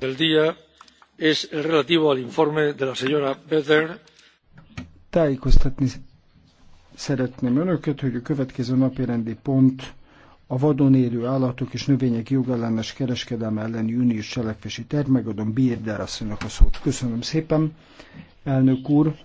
del día es el relativo al Tájékoztatni szeretném önöket, hogy a következő napi rendi pont a vadon élő állatok és növények jogellenes kereskedelme elleni uniós cselekvési terv, megadom Bírder asszonynak a szót. Köszönöm szépen, elnök úr!